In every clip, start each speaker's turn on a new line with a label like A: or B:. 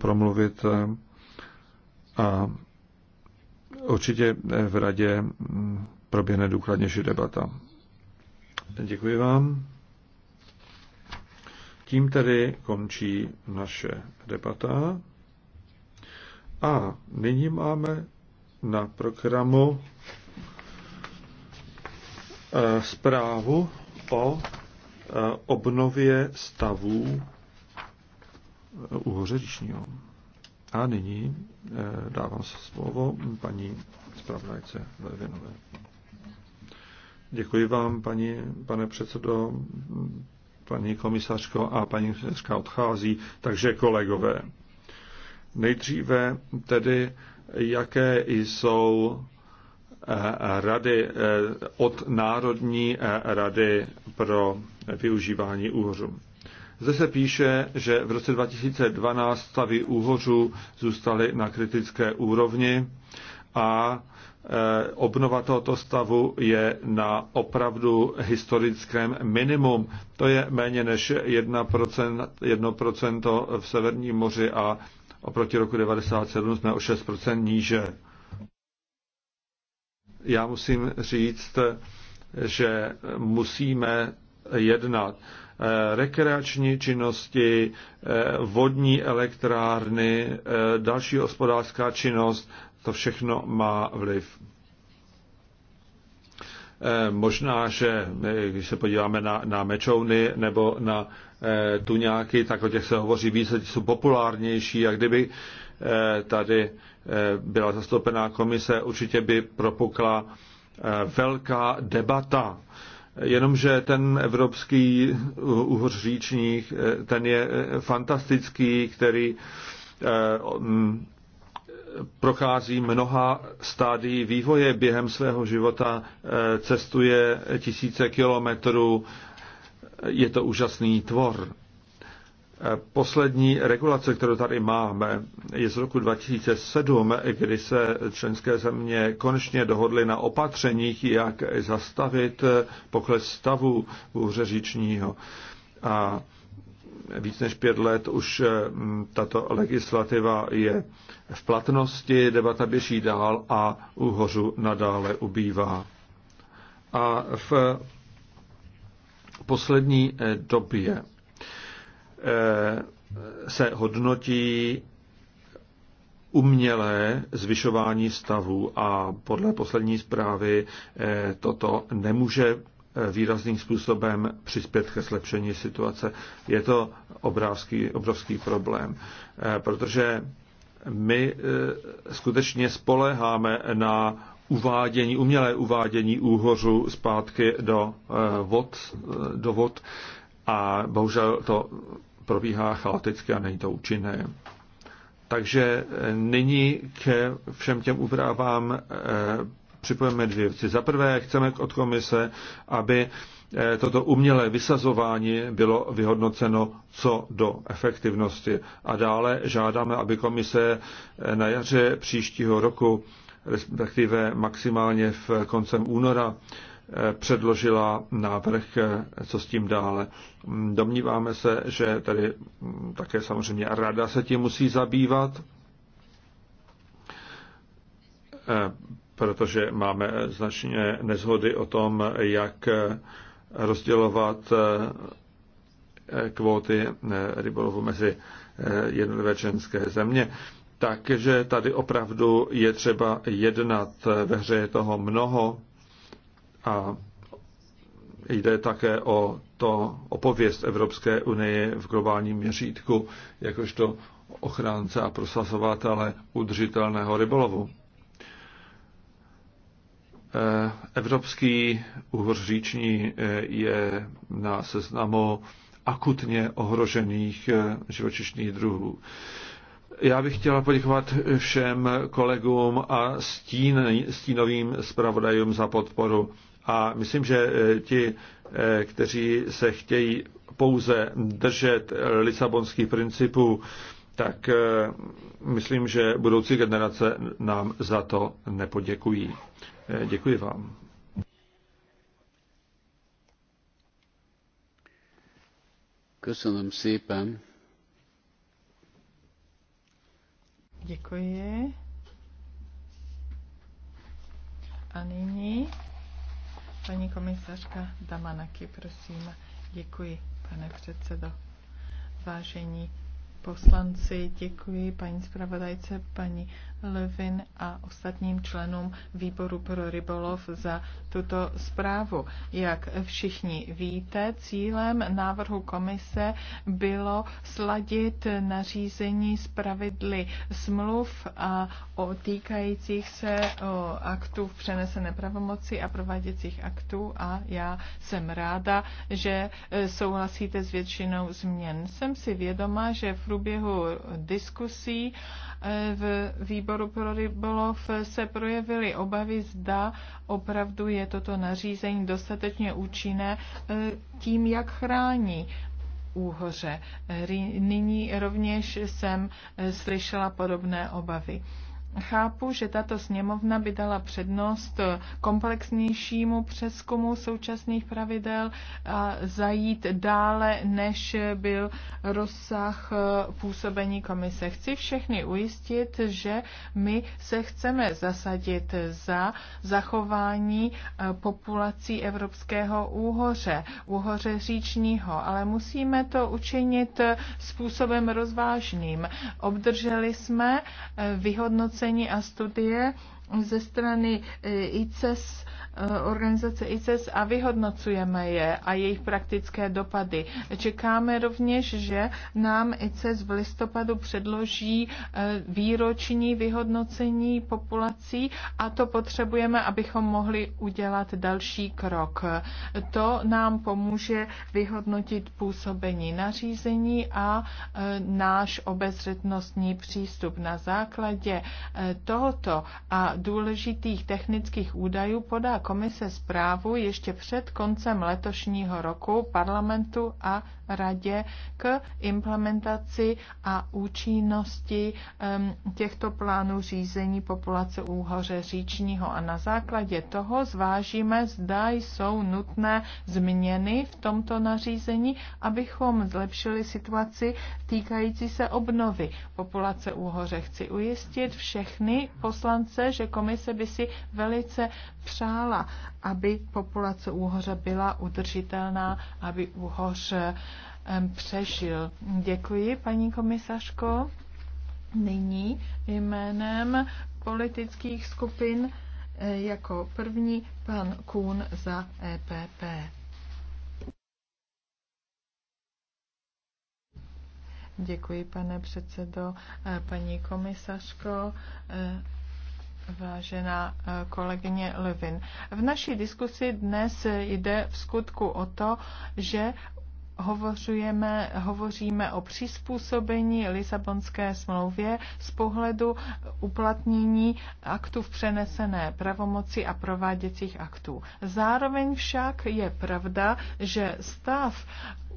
A: promluvit eh, a určitě eh, v radě mm, proběhne důkladnější debata. Děkuji vám. Tím tedy končí naše debata. A nyní máme na programu eh, zprávu o obnově stavů hořečního. A nyní eh, dávám slovo paní zpravodajce Levinové. Děkuji vám, paní, pane předsedo, paní komisařko a paní komisařka odchází, takže kolegové. Nejdříve tedy, jaké jsou eh, rady eh, od Národní rady pro využívání úhořů. Zde se píše, že v roce 2012 stavy úhořů zůstaly na kritické úrovni a eh, obnova tohoto stavu je na opravdu historickém minimum. To je méně než 1%, 1% v Severním moři a oproti roku 1997 jsme o 6% níže. Já musím říct, že musíme jednat. Eh, rekreační činnosti, eh, vodní elektrárny, eh, další hospodářská činnost, to všechno má vliv. Možná, že když se podíváme na, na mečouny nebo na e, tuňáky, tak o těch se hovoří více, jsou populárnější a kdyby tady byla zastoupená komise, určitě by propukla velká debata. Jenomže ten evropský říčních, ten je fantastický, který eh, prochází mnoha stádií vývoje během svého života, eh, cestuje tisíce kilometrů, je to úžasný tvor. Poslední regulace, kterou tady máme, je z roku 2007, kdy se členské země konečně dohodly na opatřeních, jak zastavit pokles stavu říčního. A víc než pět let už mm, tato legislativa je v platnosti, debata běží dál a úhořu nadále ubývá. A v poslední eh, době Eh, se hodnotí umělé zvyšování stavu a podle poslední zprávy eh, toto nemůže eh, výrazným způsobem přispět ke zlepšení situace. Je to obrovský, obrovský problém, protože my skutečně spoleháme na uvádění, umělé uvádění úhořu zpátky do vod, do vod a bohužel to probíhá chaoticky a není to účinné. Takže eh, nyní k všem těm úpravám eh, připojeme dvě věci. Za prvé chceme od komise, aby eh, toto umělé vysazování bylo vyhodnoceno co do efektivnosti. A dále žádáme, aby komise na jaře příštího roku, respektive maximálně v koncem února, předložila návrh, co s tím dále. Domníváme se, že tady také samozřejmě rada se tím musí zabývat, protože máme značně nezhody o tom, jak rozdělovat kvóty rybolovu mezi jednotlivé ženské země. Takže tady opravdu je třeba jednat ve hře je toho mnoho a jde také o to o pověst Evropské unie v globálním měřítku, jakožto ochránce a prosazovatele udržitelného rybolovu. Eh, Evropský říční eh, je na seznamu akutně ohrožených eh, živočišných druhů. Já bych chtěla poděkovat všem kolegům a stín, stínovým zpravodajům za podporu. A myslím, že eh, ti, eh, kteří se chtějí pouze držet lisabonských principů, tak eh, myslím, že budoucí generace nám za to nepoděkují. Děkuji vám.
B: Děkuji.
C: A nyní Paní komisařka Damanaky, prosím. Děkuji, pane předsedo. Vážení poslanci, děkuji paní zpravodajce, paní Levin a ostatním členům výboru pro rybolov za tuto zprávu. Jak všichni víte, cílem návrhu komise bylo sladit nařízení z pravidly smluv a o týkajících se o aktů v přenesené pravomoci a prováděcích aktů a já jsem ráda, že souhlasíte s většinou změn. Jsem si vědoma, že v průběhu diskusí eh, v výboru pro rybolov se projevily obavy, zda opravdu je toto nařízení dostatečně účinné eh, tím, jak chrání úhoře. Eh, nyní rovněž jsem slyšela podobné obavy. Chápu, že tato sněmovna by dala přednost komplexnějšímu přeskumu současných pravidel a zajít dále, než byl rozsah eh, působení komise. Chci všechny ujistit, že my se chceme zasadit za zachování eh, populací Evropského úhoře, úhoře říčního, ale musíme to učinit eh, způsobem rozvážným. Obdrželi jsme vyhodnocení hodnocení a studie ze strany e, ICES, e, organizace ICES a vyhodnocujeme je a jejich praktické dopady. Čekáme rovněž, že nám ICES v listopadu předloží e, výroční vyhodnocení populací a to potřebujeme, abychom mohli udělat další krok. To nám pomůže vyhodnotit působení nařízení a náš obezřetnostní přístup. Na základě tohoto a důležitých technických údajů podá komise zprávu ještě před koncem letošního roku parlamentu a radě k implementaci a účinnosti těchto plánů řízení populace úhoře říčního a na základě toho zvážíme, zda jsou nutné změny v tomto nařízení, abychom zlepšili situaci týkající se obnovy populace úhoře. Chci ujistit všechny poslance, že komise by si velice přála, aby populace úhoře byla udržitelná, aby úhoř přežil. Děkuji, paní komisařko. Nyní jménem politických skupin e, jako první pan Kuhn za EPP. Děkuji, pane předsedo, e, paní komisařko. E, Vážená eh, kolegyně Levin, v naší diskusi dnes jde v skutku o to, že hovořujeme, hovoříme o přizpůsobení Lisabonské smlouvě z pohledu uplatnění aktů v přenesené pravomoci a prováděcích aktů. Zároveň však je pravda, že stav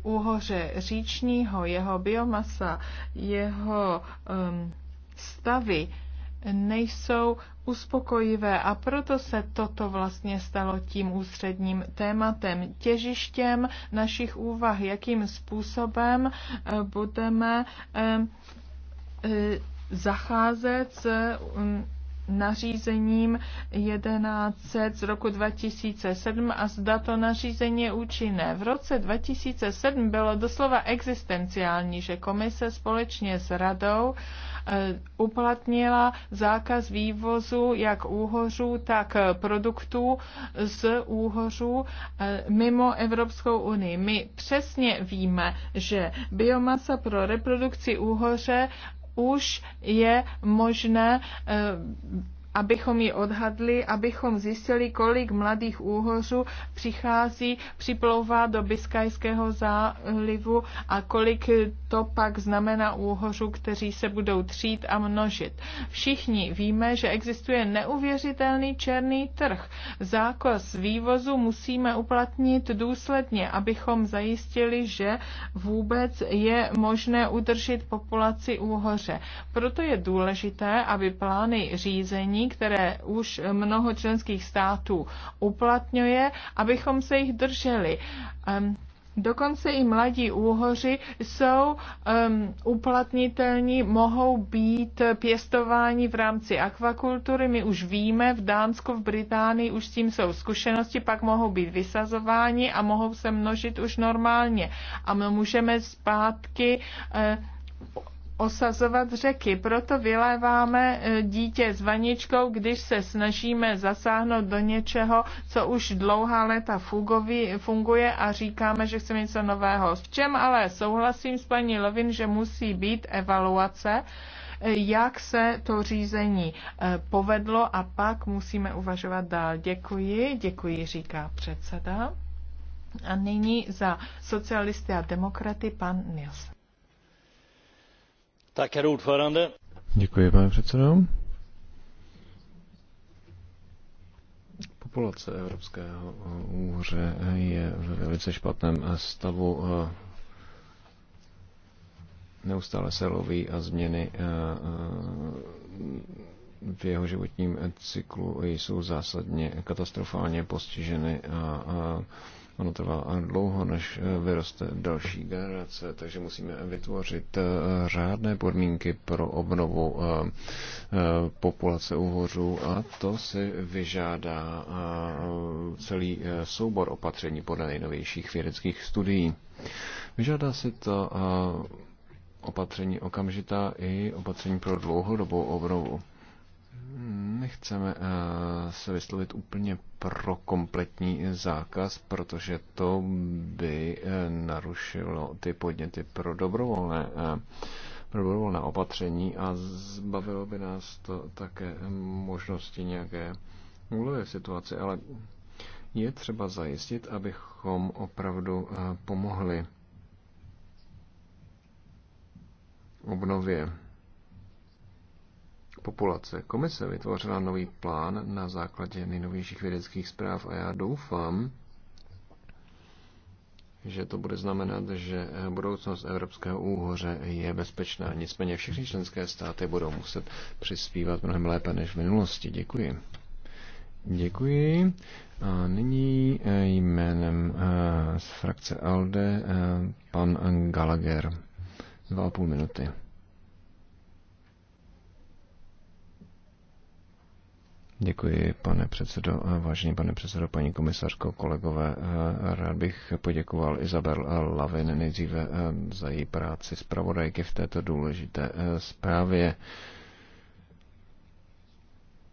C: úhoře říčního, jeho biomasa, jeho um, stavy, nejsou uspokojivé a proto se toto vlastně stalo tím ústředním tématem, těžištěm našich úvah, jakým způsobem eh, budeme eh, eh, zacházet s mm, nařízením 11. z roku 2007 a zda to nařízení je účinné. V roce 2007 bylo doslova existenciální, že komise společně s radou eh, uplatnila zákaz vývozu jak úhořů, tak produktů z úhořů eh, mimo Evropskou unii. My přesně víme, že biomasa pro reprodukci úhoře už je možné eh, abychom ji odhadli, abychom zjistili, kolik mladých úhořů přichází, připlouvá do Biskajského zálivu a kolik to pak znamená úhořů, kteří se budou třít a množit. Všichni víme, že existuje neuvěřitelný černý trh. Zákaz vývozu musíme uplatnit důsledně, abychom zajistili, že vůbec je možné udržet populaci úhoře. Proto je důležité, aby plány řízení které už mnoho členských států uplatňuje, abychom se jich drželi. Ehm, dokonce i mladí úhoři jsou um, uplatnitelní, mohou být pěstováni v rámci akvakultury. My už víme, v Dánsku, v Británii už s tím jsou zkušenosti, pak mohou být vysazováni a mohou se množit už normálně. A my můžeme zpátky uh, osazovat řeky. Proto vyléváme e, dítě s vaničkou, když se snažíme zasáhnout do něčeho, co už dlouhá léta funguje a říkáme, že chceme něco nového. V čem ale souhlasím s paní Lovin, že musí být evaluace, e, jak se to řízení e, povedlo a pak musíme uvažovat dál. Děkuji, děkuji, říká předseda. A nyní za socialisty a demokraty pan Nilsson.
B: Děkuji, pane předsedo. Populace Evropského úře je ve velice špatném stavu. Neustále se loví a změny eh, eh, v jeho životním cyklu jsou zásadně katastrofálně postiženy a, a eh, Ono trvá dlouho, než eh, vyroste další generace, takže musíme vytvořit eh, řádné podmínky pro obnovu eh, populace uhořů a to si vyžádá celý soubor opatření podle nejnovějších vědeckých studií. Vyžádá si to opatření okamžitá i opatření pro dlouhodobou obnovu. Nechceme eh, se vyslovit úplně pro kompletní zákaz, protože to by eh, narušilo ty podněty pro dobrovolné, eh, pro dobrovolné opatření a zbavilo by nás to také možnosti nějaké úlevy v situaci, ale je třeba zajistit, abychom opravdu pomohli obnově populace. Komise vytvořila nový plán na základě nejnovějších vědeckých zpráv a já doufám, že to bude znamenat, že budoucnost Evropského úhoře je bezpečná. Nicméně všechny členské státy budou muset přispívat mnohem lépe než v minulosti. Děkuji. Děkuji. A nyní eh, jménem eh, z frakce ALDE eh, pan Gallagher. Dva a půl minuty. Děkuji, pane předsedo. Eh, vážený pane předsedo, paní komisařko, kolegové, eh, rád bych poděkoval Izabel Lavin nejdříve eh, za její práci zpravodajky v této důležité zprávě.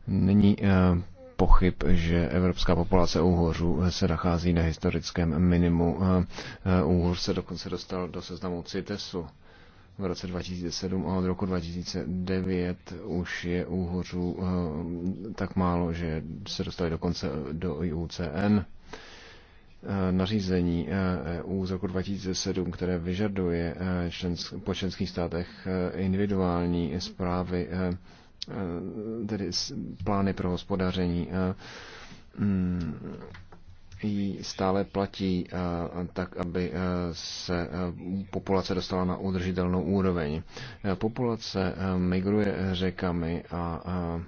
B: Není pochyb, že evropská populace úhořů se nachází na historickém minimu. Úhor se dokonce dostal do seznamu CITESu v roce 2007 a od roku 2009 už je úhořů eh, tak málo, že se dostali dokonce do IUCN. Eh, nařízení EU eh, e z roku 2007, které vyžaduje člensk, po členských státech individuální zprávy, tedy plány pro hospodaření, mm, ji stále platí eh, tak, aby eh, se eh, populace dostala na udržitelnou úroveň. Populace migruje řekami a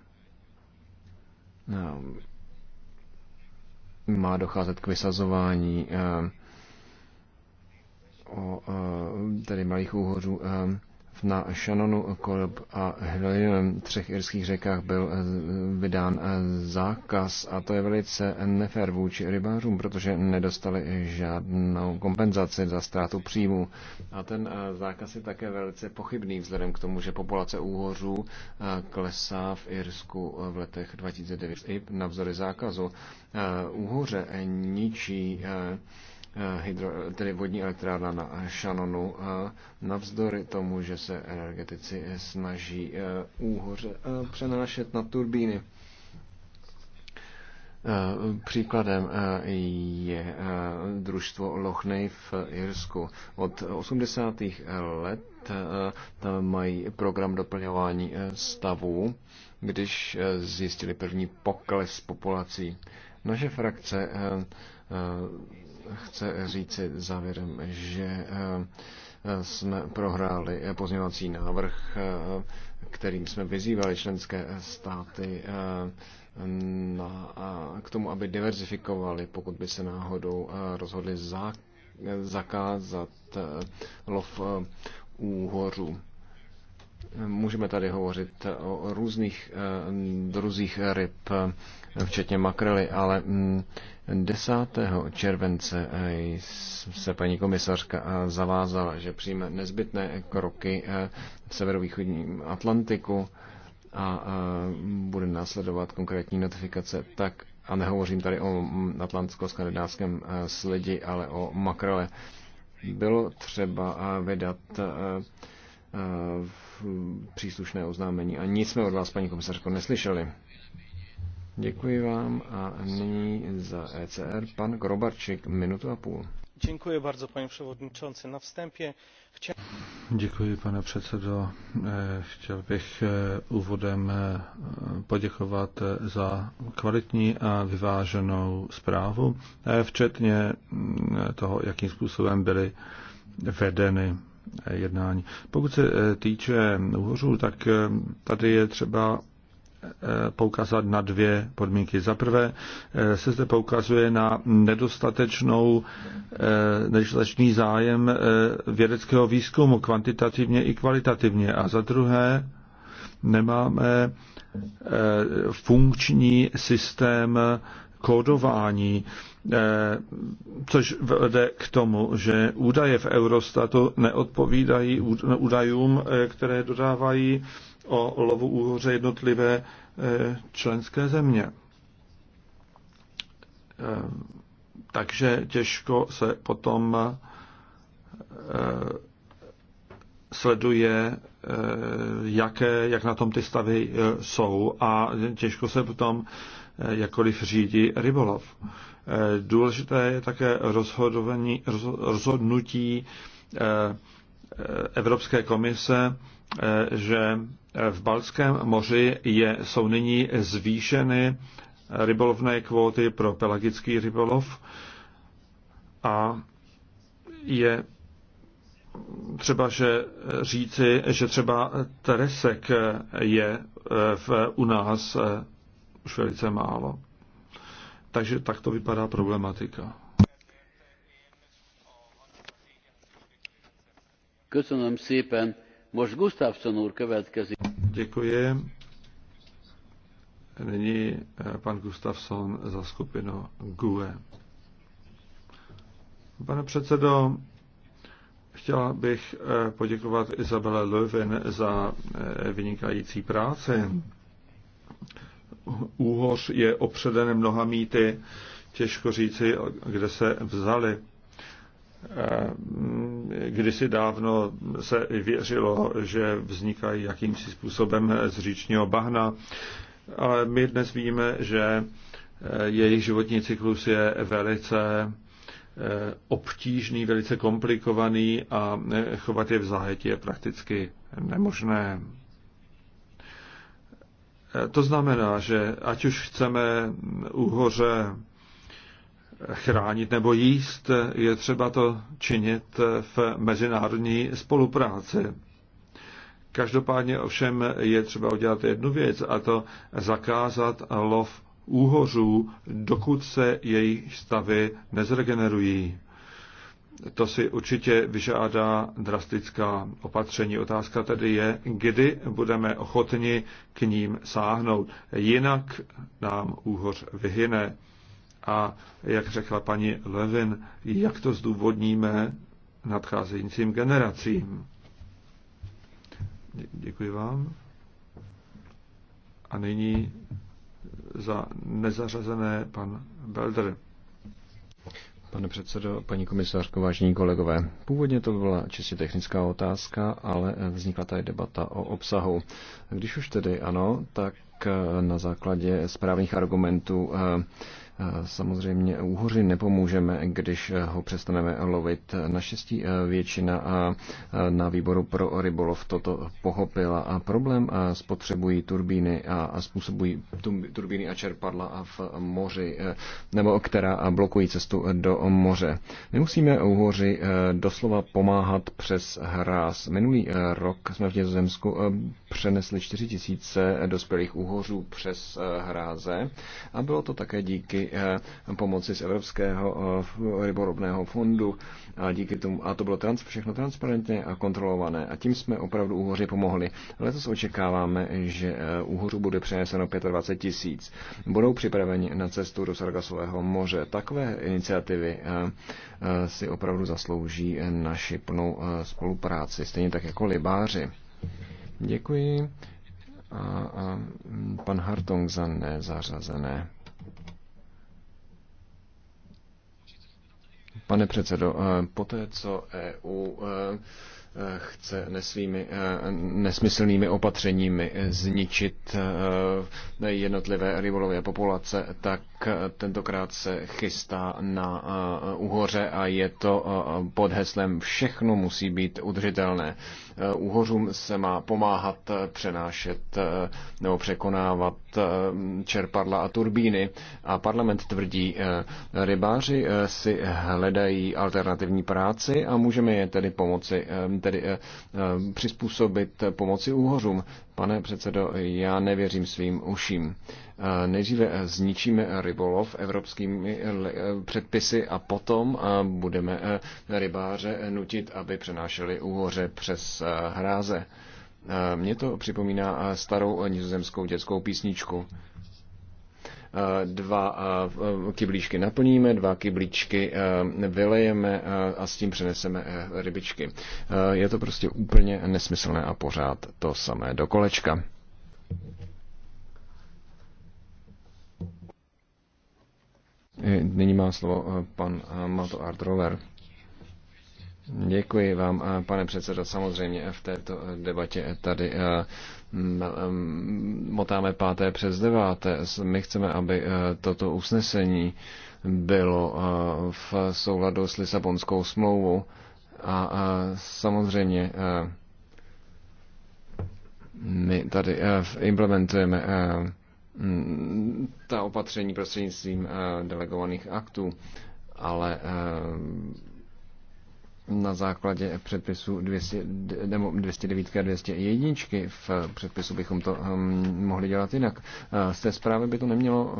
B: má docházet k vysazování tedy malých úhořů na Shannonu, Kolb a Hillium, třech irských řekách, byl eh, vydán eh, zákaz a to je velice nefér vůči rybářům, protože nedostali žádnou kompenzaci za ztrátu příjmu. A ten eh, zákaz je také velice pochybný vzhledem k tomu, že populace úhořů klesá v Irsku v letech 2009 i navzory zákazu. Úhoře ničí Eh, hydro, tedy vodní elektrárna na Šanonu. Eh, navzdory tomu, že se energetici snaží eh, úhoře přenášet na turbíny. Příkladem je družstvo Lochnej v Irsku. Od 80. let tam mají program doplňování stavů, když zjistili první pokles populací. Naše frakce chce říci závěrem, že eh, jsme prohráli pozměňovací návrh, eh, kterým jsme vyzývali členské státy eh, na, k tomu, aby diverzifikovali, pokud by se náhodou rozhodli zakázat lov úhořů. Můžeme tady hovořit o různých eh, druzích ryb, eh, včetně makrely, ale 10. Mm, července eh, se paní komisařka zavázala, že přijme nezbytné kroky v severovýchodním Atlantiku a bude následovat konkrétní notifikace tak, a nehovořím tady o mm, atlantsko-skandinávském sledi, ale o makrele, bylo třeba vydat Eh, příslušné oznámení a nic jsme od vás, paní komisařko, neslyšeli. Děkuji vám a nyní za ECR pan Grobarčik, minutu a půl.
A: Děkuji bardzo, paní przewodniczący. Na wstępie chciałem...
B: Děkuji, pane předsedo. Eh, chtěl bych eh,
A: úvodem poděkovat za kvalitní a vyváženou zprávu, včetně mm, toho, jakým způsobem byly vedeny jednání. Pokud se eh, týče úhořů, tak eh, tady je třeba eh, poukázat na dvě podmínky. Za prvé se zde poukazuje na nedostatečnou, nedostatečný zájem vědeckého výzkumu kvantitativně i kvalitativně. A za druhé nemáme funkční systém kódování, eh, což vede k tomu, že údaje v Eurostatu neodpovídají údajům, eh, které dodávají o lovu úhoře jednotlivé eh, členské země. Takže těžko se potom sleduje, jaké, jak na tom ty stavy jsou a těžko se potom Eh, jakkoliv řídí rybolov. Eh, důležité je také rozhodnutí eh, Evropské komise, že v Balském moři je, jsou nyní zvýšeny rybolovné kvóty pro pelagický rybolov a je třeba že říci, že třeba Teresek je v, u nás už velice málo. Takže tak to vypadá problematika.
B: Köszönöm szépen. Most Gustafsson úr következik.
A: Děkuji. Nyní eh, pan Gustafsson za skupinu GUE. Pane předsedo, chtěla bych eh, poděkovat Izabele Löwen za eh, vynikající práci úhoř je opředen mnoha mýty, těžko říci, kde se vzali. Eh, kdysi dávno se věřilo, že vznikají jakýmsi způsobem z říčního bahna, ale my dnes víme, že eh, jejich životní cyklus je velice eh, obtížný, velice komplikovaný a chovat je v zahetí je prakticky nemožné. To znamená, že ať už chceme úhoře chránit nebo jíst, je třeba to činit v mezinárodní spolupráci. Každopádně ovšem je třeba udělat jednu věc, a to zakázat lov úhořů, dokud se jejich stavy nezregenerují to si určitě vyžádá drastická opatření. Otázka tedy je, kdy budeme ochotni k ním sáhnout. Jinak nám úhoř vyhyne. A jak řekla paní Levin, jak to zdůvodníme nadcházejícím generacím. Děkuji vám. A nyní za nezařazené pan Belder.
B: Pane předsedo, paní komisářko, vážení kolegové, původně to byla čistě technická otázka, ale vznikla tady debata o obsahu. Když už tedy ano, tak na základě správných argumentů eh, Samozřejmě úhoři nepomůžeme, když ho přestaneme lovit. Naštěstí e, většina e, e, na výboru pro rybolov toto pochopila a problém spotřebují turbíny a způsobují turbíny a čerpadla v moři, nebo která blokují cestu do moře. My musíme úhoři doslova pomáhat přes hráz. Minulý rok jsme v Nizozemsku přenesli 4 tisíce dospělých úhořů přes hráze a bylo to také díky Eh, pomoci z Evropského eh, rybolovného fondu a díky tomu, a to bylo trans, všechno transparentně a kontrolované a tím jsme opravdu úhoři pomohli. Letos očekáváme, že eh, úhořů bude přeneseno 25 tisíc. Budou připraveni na cestu do Sargasového moře. Takové iniciativy si opravdu zaslouží naši plnou spolupráci, stejně tak jako libáři. Děkuji. A, a pan Hartong za nezařazené. Pane předsedo, eh, poté co EU eh, eh, chce nesvými nesmyslnými opatřeními zničit jednotlivé rybolové populace, tak Eh, tentokrát se chystá na eh, uhoře a je to eh, pod heslem všechno musí být udržitelné. Uhořům se má pomáhat přenášet nebo překonávat čerpadla a turbíny a parlament tvrdí, rybáři si hledají alternativní práci a můžeme je tedy pomoci, tedy přizpůsobit pomoci úhořům. Pane předsedo, já nevěřím svým uším. Eh, nejdříve eh, zničíme rybolov evropskými eh, předpisy a potom budeme rybáře nutit, aby přenášeli úhoře přes hráze. Mně to připomíná starou nizozemskou dětskou písničku dva eh, kyblíčky naplníme, dva kyblíčky eh, vylejeme eh, a s tím přeneseme rybičky. Je to prostě úplně nesmyslné a pořád to samé do kolečka. Nyní má slovo pan Mato Artrover. Děkuji vám, pane předsedo. Samozřejmě v této debatě tady Hm, motáme páté přes deváté. My chceme, aby eh, toto usnesení bylo eh, v souladu s Lisabonskou smlouvou a eh, samozřejmě my tady implementujeme hm, ta opatření prostřednictvím delegovaných aktů, ale na základě předpisu 200, nebo 209 a 201 v předpisu bychom to hm, mohli dělat jinak. Eh, z té zprávy by to nemělo,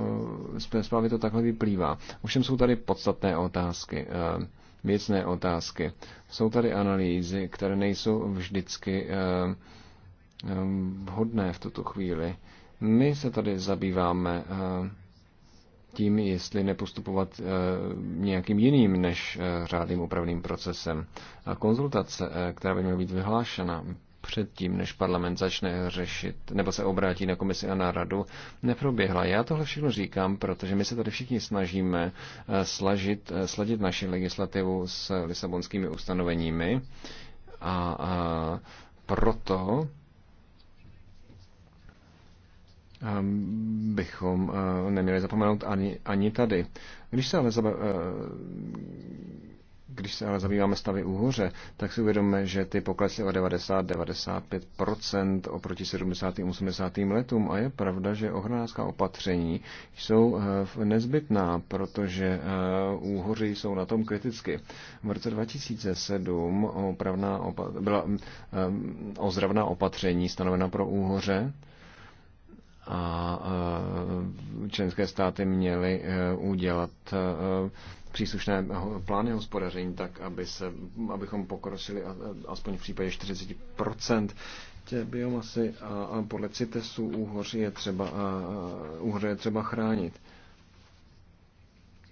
B: eh, z té zprávy to takhle vyplývá. Ovšem jsou tady podstatné otázky eh, věcné otázky. Jsou tady analýzy, které nejsou vždycky hm, vhodné v tuto chvíli. My se tady zabýváme tím, jestli nepostupovat eh, nějakým jiným než eh, řádným opravným procesem. A konzultace, eh, která by měla být vyhlášena předtím, než parlament začne řešit nebo se obrátí na komisi a na radu, neproběhla. Já tohle všechno říkám, protože my se tady všichni snažíme slažit, sladit naši legislativu s lisabonskými ustanoveními a, a proto Ehm, bychom eh, neměli zapomenout ani, ani tady. Když se ale zaba, eh, když se ale zabýváme stavy úhoře, tak si uvědomíme, že ty poklesly o 90-95% oproti 70. a 80. letům a je pravda, že ochranářská opatření jsou eh, nezbytná, protože úhoři jsou na tom kriticky. V roce 2007 opa- byla ehm, ozdravná opatření stanovena pro úhoře, a členské státy měly e, udělat e, příslušné plány hospodaření tak, aby se, abychom pokročili aspoň v případě 40% tě biomasy a, a podle CITESu úhoři je třeba, úhoři je třeba chránit.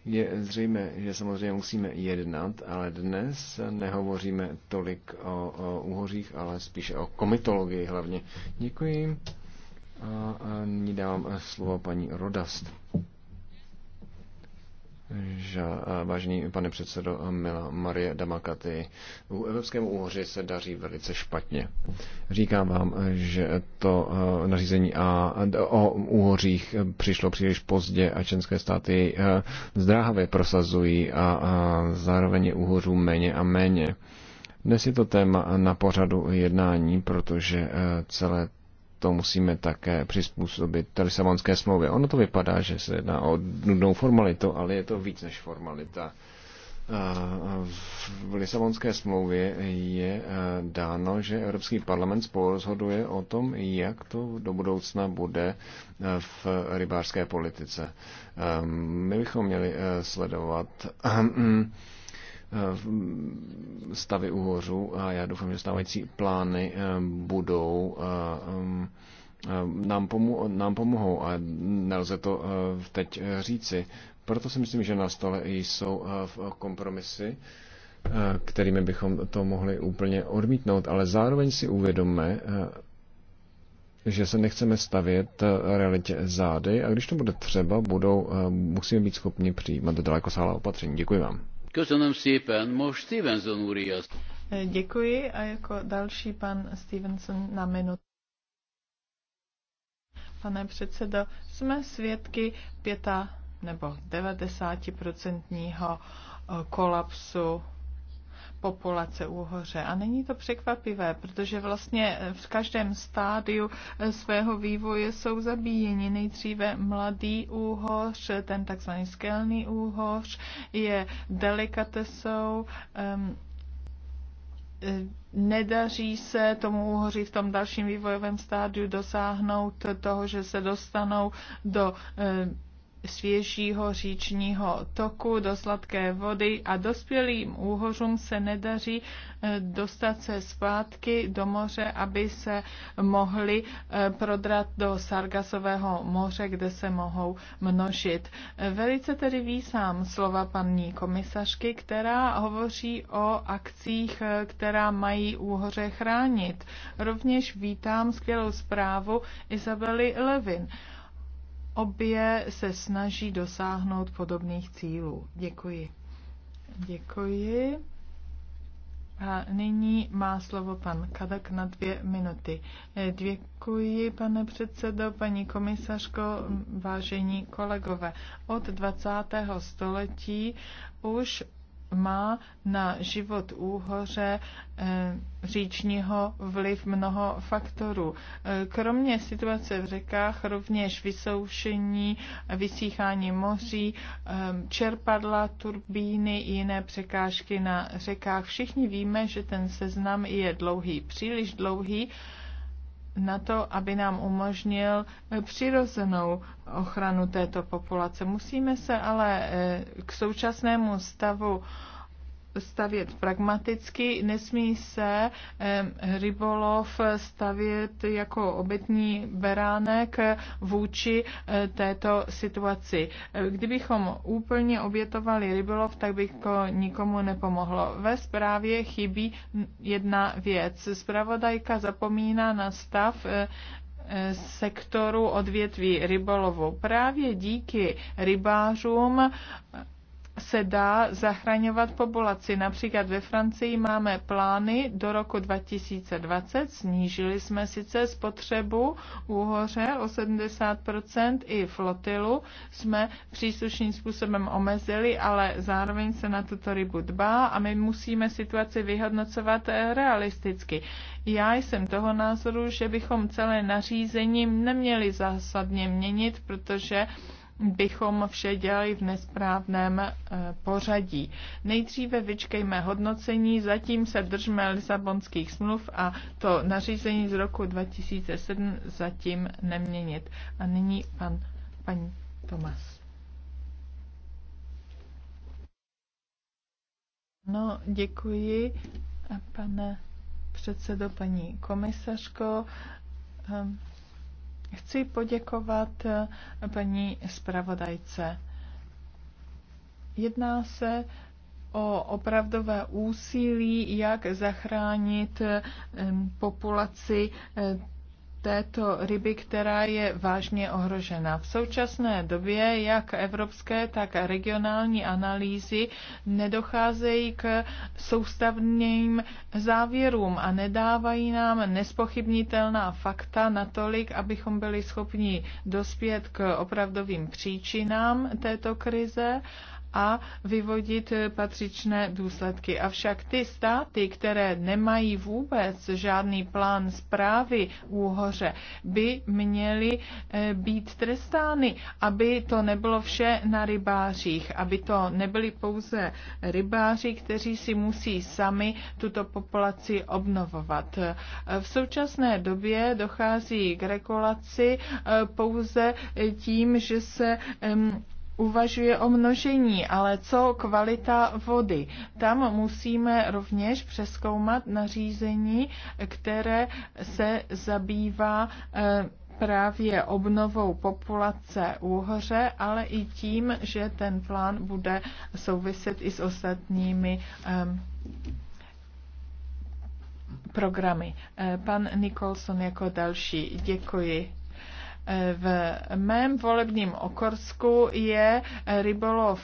B: Je zřejmé, že samozřejmě musíme jednat, ale dnes nehovoříme tolik o, o úhořích, ale spíše o komitologii hlavně. Děkuji. A, nyní dám eh, slovo paní Rodast. Ža, vážený pane předsedo Mila Marie Damakaty, u Evropskému úhoři se daří velice špatně. Říkám vám, že to eh, nařízení a, o úhořích přišlo příliš pozdě a členské státy eh, zdráhavě prosazují a, a zároveň je úhořů méně a méně. Dnes je to téma na pořadu jednání, protože celé to musíme také přizpůsobit Lisabonské smlouvě. Ono to vypadá, že se jedná o nudnou formalitu, ale je to víc než formalita. V Lisabonské smlouvě je dáno, že Evropský parlament spolu rozhoduje o tom, jak to do budoucna bude v rybářské politice. My bychom měli sledovat Eh, stavy uhořu a já doufám, že stávající plány eh, budou eh, nám, pomo- nám pomohou a nelze to teď říci. Proto si myslím, že na stole jsou kompromisy, kterými bychom to mohli úplně odmítnout, ale zároveň si uvědomme, že se nechceme stavět realitě zády a když to bude třeba, budou, musíme být schopni přijímat dalekosáhlá opatření. Děkuji vám.
C: E, děkuji a jako další pan Stevenson na minutu. Pane předsedo, jsme svědky pěta nebo 90% e, kolapsu populace úhoře. A není to překvapivé, protože vlastně v každém stádiu svého vývoje jsou zabíjeni. Nejdříve mladý úhoř, ten takzvaný skelný úhoř, je delikatesou, um, nedaří se tomu úhoři v tom dalším vývojovém stádiu dosáhnout toho, že se dostanou do um, svěžího říčního toku do sladké vody a dospělým úhořům se nedaří eh, dostat se zpátky do moře, aby se mohli eh, prodrat do Sargasového moře, kde se mohou množit. Eh, velice tedy výsám slova paní komisařky, která hovoří o akcích, která mají úhoře chránit. Rovněž vítám skvělou zprávu Izabely Levin Obě se snaží dosáhnout podobných cílů. Děkuji. Děkuji. A nyní má slovo pan Kadak na dvě minuty. E, děkuji, pane předsedo, paní komisařko, vážení kolegové. Od 20. století už má na život úhoře eh, říčního vliv mnoho faktorů. Eh, kromě situace v řekách rovněž vysoušení, vysíchání moří, eh, čerpadla, turbíny i jiné překážky na řekách. Všichni víme, že ten seznam je dlouhý, příliš dlouhý na to, aby nám umožnil eh, přirozenou ochranu této populace. Musíme se ale eh, k současnému stavu stavět pragmaticky, nesmí se rybolov stavět jako obytní beránek vůči eh, této situaci. Eh, kdybychom úplně obětovali rybolov, tak by to nikomu nepomohlo. Ve zprávě chybí jedna věc. Zpravodajka zapomíná na stav eh, sektoru odvětví rybolovu. Právě díky rybářům se dá zachraňovat populaci. Například ve Francii máme plány do roku 2020. Snížili jsme sice spotřebu úhoře o 70% i flotilu jsme příslušným způsobem omezili, ale zároveň se na tuto rybu dbá a my musíme situaci vyhodnocovat eh, realisticky. Já jsem toho názoru, že bychom celé nařízení neměli zásadně měnit, protože bychom vše dělali v nesprávném eh, pořadí. Nejdříve vyčkejme hodnocení, zatím se držme Lisabonských smluv a to nařízení z roku 2007 zatím neměnit. A nyní pan, paní Tomas. No, děkuji, pane předsedo, paní komisařko. Um, Chci poděkovat eh, paní zpravodajce. Jedná se o opravdové úsilí, jak zachránit eh, populaci eh, této ryby, která je vážně ohrožena. V současné době jak evropské, tak regionální analýzy nedocházejí k soustavným závěrům a nedávají nám nespochybnitelná fakta natolik, abychom byli schopni dospět k opravdovým příčinám této krize a vyvodit patřičné důsledky. Avšak ty státy, které nemají vůbec žádný plán zprávy úhoře, by měly eh, být trestány, aby to nebylo vše na rybářích, aby to nebyli pouze rybáři, kteří si musí sami tuto populaci obnovovat. V současné době dochází k regulaci eh, pouze tím, že se uvažuje o množení, ale co kvalita vody? Tam musíme rovněž přeskoumat nařízení, které se zabývá eh, právě obnovou populace úhoře, ale i tím, že ten plán bude souviset i s ostatními ehm, programy. Eh, pan Nicholson jako další. Děkuji. V mém volebním okorsku je rybolov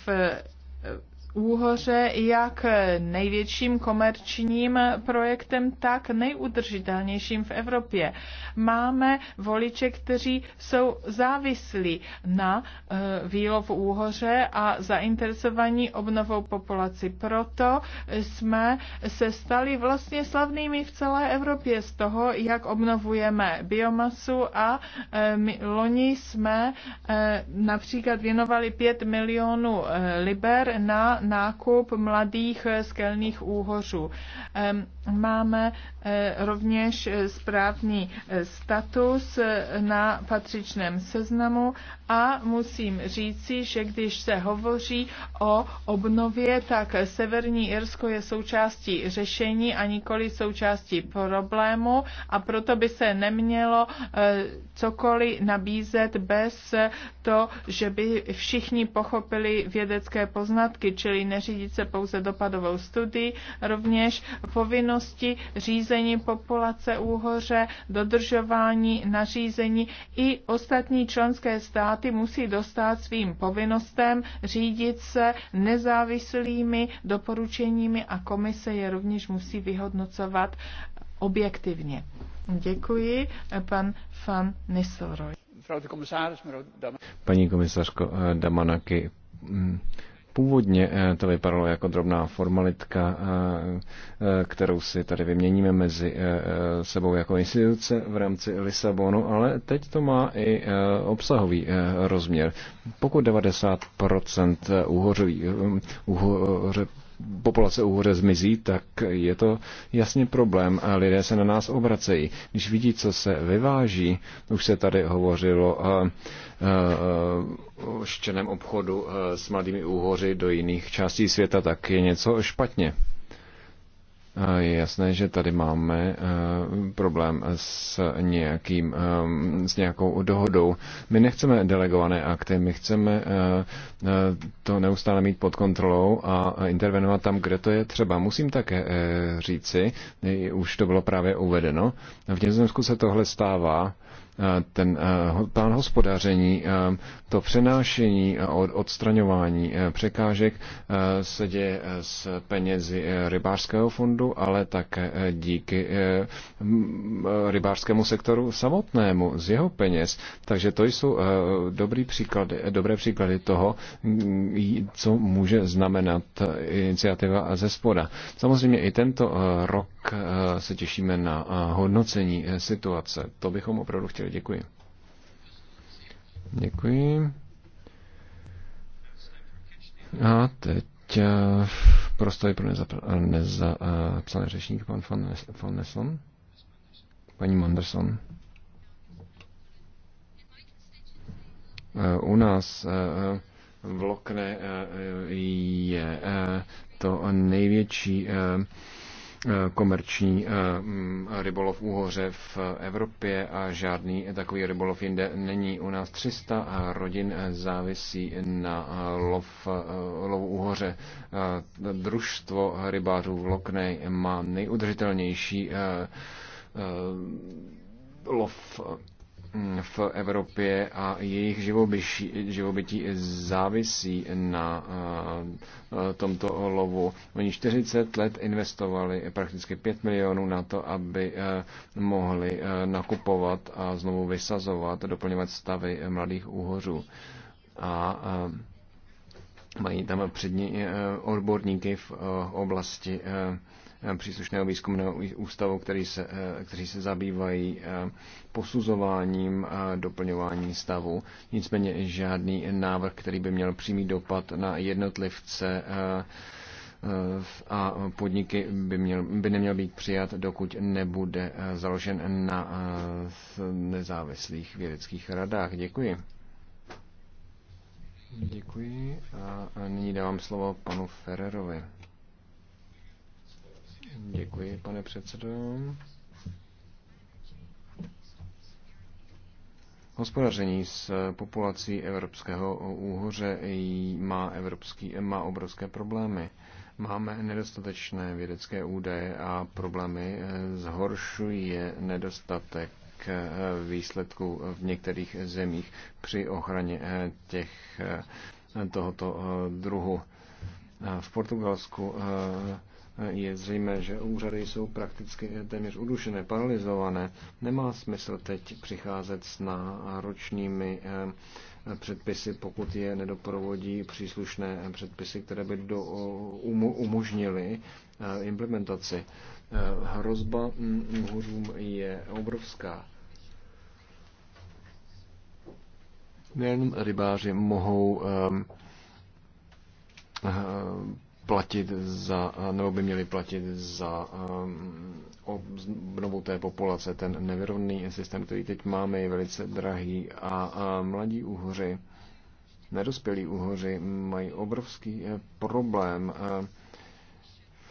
C: úhoře jak největším komerčním projektem, tak nejudržitelnějším v Evropě. Máme voliče, kteří jsou závislí na eh, výlov úhoře a zainteresovaní obnovou populaci. Proto jsme se stali vlastně slavnými v celé Evropě z toho, jak obnovujeme biomasu a eh, loni jsme eh, například věnovali 5 milionů liber na nákup mladých eh, skelných úhořů. Máme Eh, rovněž eh, správný eh, status na patřičném seznamu a musím říci, že když se hovoří o obnově, tak Severní Irsko je součástí řešení a nikoli součástí problému a proto by se nemělo cokoliv nabízet bez to, že by všichni pochopili vědecké poznatky, čili neřídit se pouze dopadovou studii, rovněž povinnosti řízení řízení populace úhoře, dodržování nařízení. I ostatní členské státy musí dostat svým povinnostem řídit se nezávislými doporučeními a komise je rovněž musí vyhodnocovat objektivně. Děkuji, pan Van Nistelrooy.
B: Paní komisařko eh, Damanaky, mm, Původně eh, to vypadalo jako drobná formalitka, eh, eh, kterou si tady vyměníme mezi sebou jako instituce v rámci Lisabonu, ale teď to má i obsahový rozměr. Pokud 90% úhořových, úhoře, populace uhoře zmizí, tak je to jasně problém a lidé se na nás obracejí. Když vidí, co se vyváží, už se tady hovořilo eh, eh, o štěném obchodu eh, s mladými úhoři do jiných částí světa, tak je něco špatně. Je jasné, že tady máme eh, problém s, nějakým, eh, s nějakou dohodou. My nechceme delegované akty, my chceme eh, to neustále mít pod kontrolou a intervenovat tam, kde to je třeba. Musím také říci, už to bylo právě uvedeno, v Nizozemsku se tohle stává, Eh, ten eh, plán hospodaření, eh, to přenášení a odstraňování překážek se děje z penězi rybářského fondu, ale také díky rybářskému sektoru samotnému z jeho peněz. Takže to jsou dobrý příklady, dobré příklady toho, co může znamenat iniciativa ze spoda. Samozřejmě i tento rok se těšíme na hodnocení situace. To bychom opravdu chtěli legislativy. Děkuji. Děkuji. A teď eh, prostory pro eh, nezapsané neza, řečníky pan von Nesson. Paní Manderson. Eh, u nás v Lokne je to největší Eh, komerční eh, mm, rybolov úhoře v Evropě a žádný takový rybolov jinde není. U nás 300 eh, rodin závisí na lov, lovu úhoře. Družstvo rybářů v Loknej má nejudržitelnější lov v Evropě a jejich živobytí závisí na eh, tomto lovu. Oni 40 let investovali prakticky 5 milionů na to, aby eh, mohli eh, nakupovat a znovu vysazovat, doplňovat stavy mladých úhořů. A mají tam přední odborníky v oblasti Eh, příslušného výzkumného ústavu, který se, eh, kteří se zabývají eh, posuzováním a doplňováním stavu. Nicméně žádný návrh, který by měl přímý dopad na jednotlivce a podniky by, měl, by neměl být přijat, dokud nebude založen na nezávislých vědeckých radách. Děkuji. Děkuji a nyní dávám slovo panu Ferrerovi. Děkuji, pane předsedo. Hospodaření s populací Evropského úhoře má, evropský, má obrovské problémy. Máme nedostatečné vědecké údaje a problémy je nedostatek výsledků v některých zemích při ochraně těch tohoto druhu. V Portugalsku je zřejmé, že úřady jsou prakticky téměř udušené, paralizované. Nemá smysl teď přicházet s náročnými eh, předpisy, pokud je nedoprovodí příslušné eh, předpisy, které by do, umožnily eh, implementaci. Hrozba úřům mm, je obrovská. Nejenom rybáři mohou platit za, nebo by měli platit za um, obnovu té populace. Ten nevyrovný systém, který teď máme, je velice drahý a, a mladí uhoři, nedospělí uhoři, mají obrovský eh, problém eh,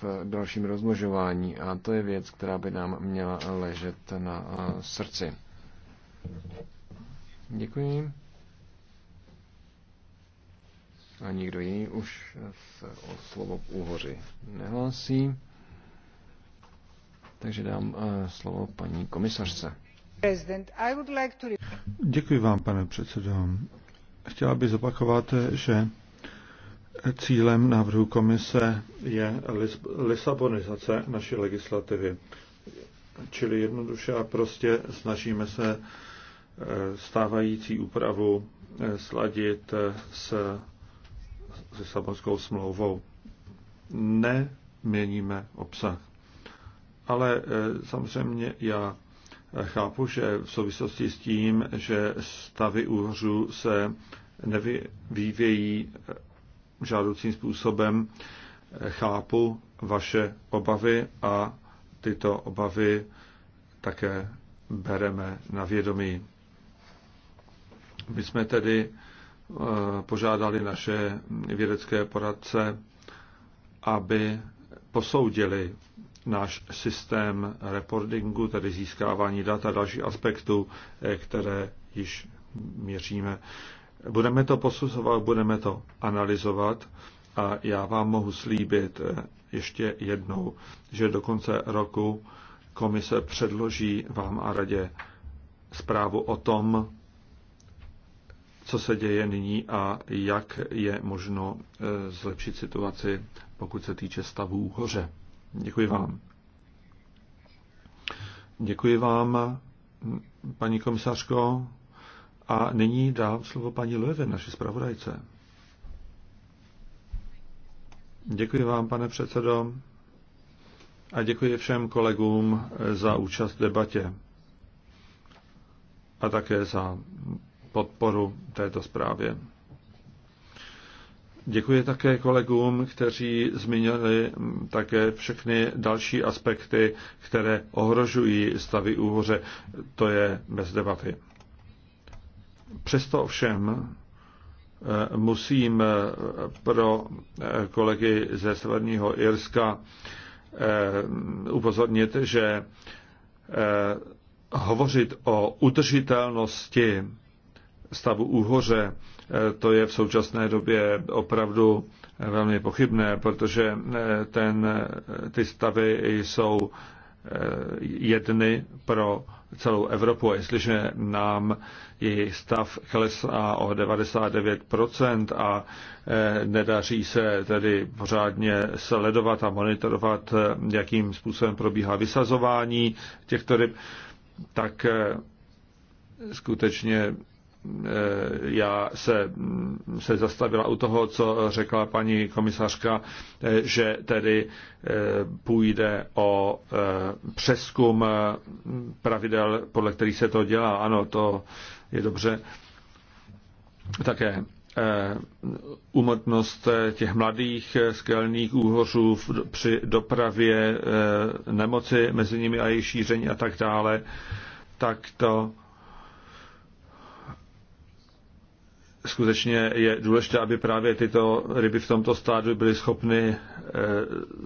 B: v dalším rozmnožování a to je věc, která by nám měla ležet na eh, srdci. Děkuji. A nikdo jiný už se o slovo úhoři nehlásí. Takže dám eh, slovo paní komisařce.
A: Děkuji vám, pane předsedo. Chtěla bych zopakovat, že cílem návrhu komise je lisabonizace naší legislativy. Čili jednoduše a prostě snažíme se eh, stávající úpravu eh, sladit s s Lisabonskou smlouvou. Neměníme obsah. Ale eh, samozřejmě já eh, chápu, že v souvislosti s tím, že stavy úhořů se nevyvíjejí eh, žádoucím způsobem, chápu vaše obavy a tyto obavy také bereme na vědomí. My jsme tedy Eh, požádali naše vědecké poradce, aby posoudili náš systém reportingu, tedy získávání dat a další aspektů, eh, které již měříme. Budeme to posuzovat, budeme to analyzovat a já vám mohu slíbit eh, ještě jednou, že do konce roku komise předloží vám a radě zprávu o tom, co se děje nyní a jak je možno eh, zlepšit situaci, pokud se týče stavů hoře. Děkuji vám. Děkuji vám, paní komisařko. A nyní dám slovo paní Lueve, naši zpravodajce. Děkuji vám, pane předsedo, a děkuji všem kolegům eh, za účast v debatě a také za podporu této zprávě. Děkuji také kolegům, kteří zmínili také všechny další aspekty, které ohrožují stavy úhoře. To je bez debaty. Přesto ovšem eh, musím eh, pro eh, kolegy ze Severního Irska upozornit, že hovořit o udržitelnosti stavu úhoře, eh, to je v současné době opravdu eh, velmi pochybné, protože eh, ten, ty stavy jsou jedny pro celou Evropu. jestliže nám jejich stav klesá o 99% a nedaří se tedy pořádně sledovat a monitorovat, jakým způsobem probíhá vysazování těchto ryb, tak skutečně Eh, já se, mm, se zastavila u toho, co řekla paní komisařka, eh, že tedy eh, půjde o přeskum pravidel, podle kterých se to dělá. Ano, to je dobře. Také umrtnost těch mladých skelných úhořů při dopravě, nemoci mezi nimi a jejich šíření a tak dále, tak to skutečně je důležité, aby právě tyto ryby v tomto stádu byly schopny eh,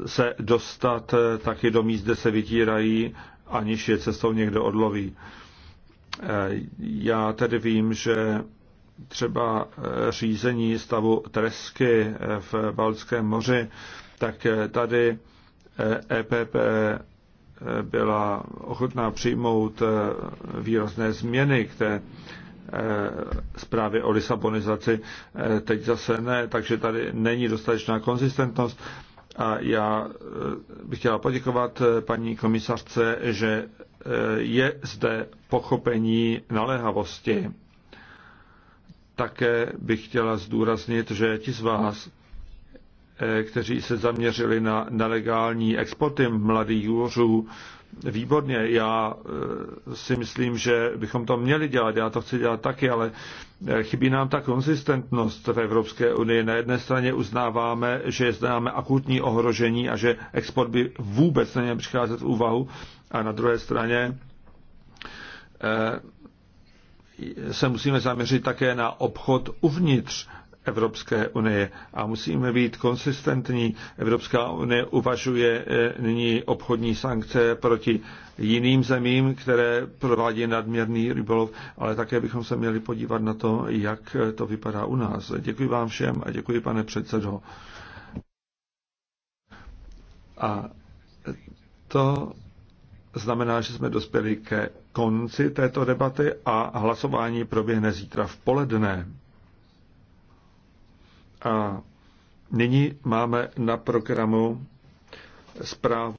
A: se dostat eh, taky do míst, kde se vytírají, aniž je cestou někdo odloví. Eh, já tedy vím, že třeba řízení stavu tresky v Balckém moři, tak tady EPP e byla ochotná přijmout výrazné změny, které Eh, zprávy o Lisabonizaci, eh, teď zase ne, takže tady není dostatečná konzistentnost. A já eh, bych chtěla poděkovat paní komisařce, že je zde pochopení naléhavosti. Také bych chtěla zdůraznit, že ti z vás, Eh, kteří se zaměřili na nelegální exporty mladých jůřů. Výborně, já eh, si myslím, že bychom to měli dělat, já to chci dělat taky, ale eh, chybí nám ta konzistentnost v Evropské unii. Na jedné straně uznáváme, že známe akutní ohrožení a že export by vůbec neměl přicházet v úvahu, a na druhé straně se musíme zaměřit také na obchod uvnitř Evropské unie a musíme být konsistentní. Evropská unie uvažuje eh, nyní obchodní sankce proti jiným zemím, které provádí nadměrný rybolov, ale také bychom se měli podívat na to, jak eh, to vypadá u nás. Děkuji vám všem a děkuji, pane předsedo. A to znamená, že jsme dospěli ke konci této debaty a hlasování proběhne zítra v poledne. A nyní máme na programu zprávu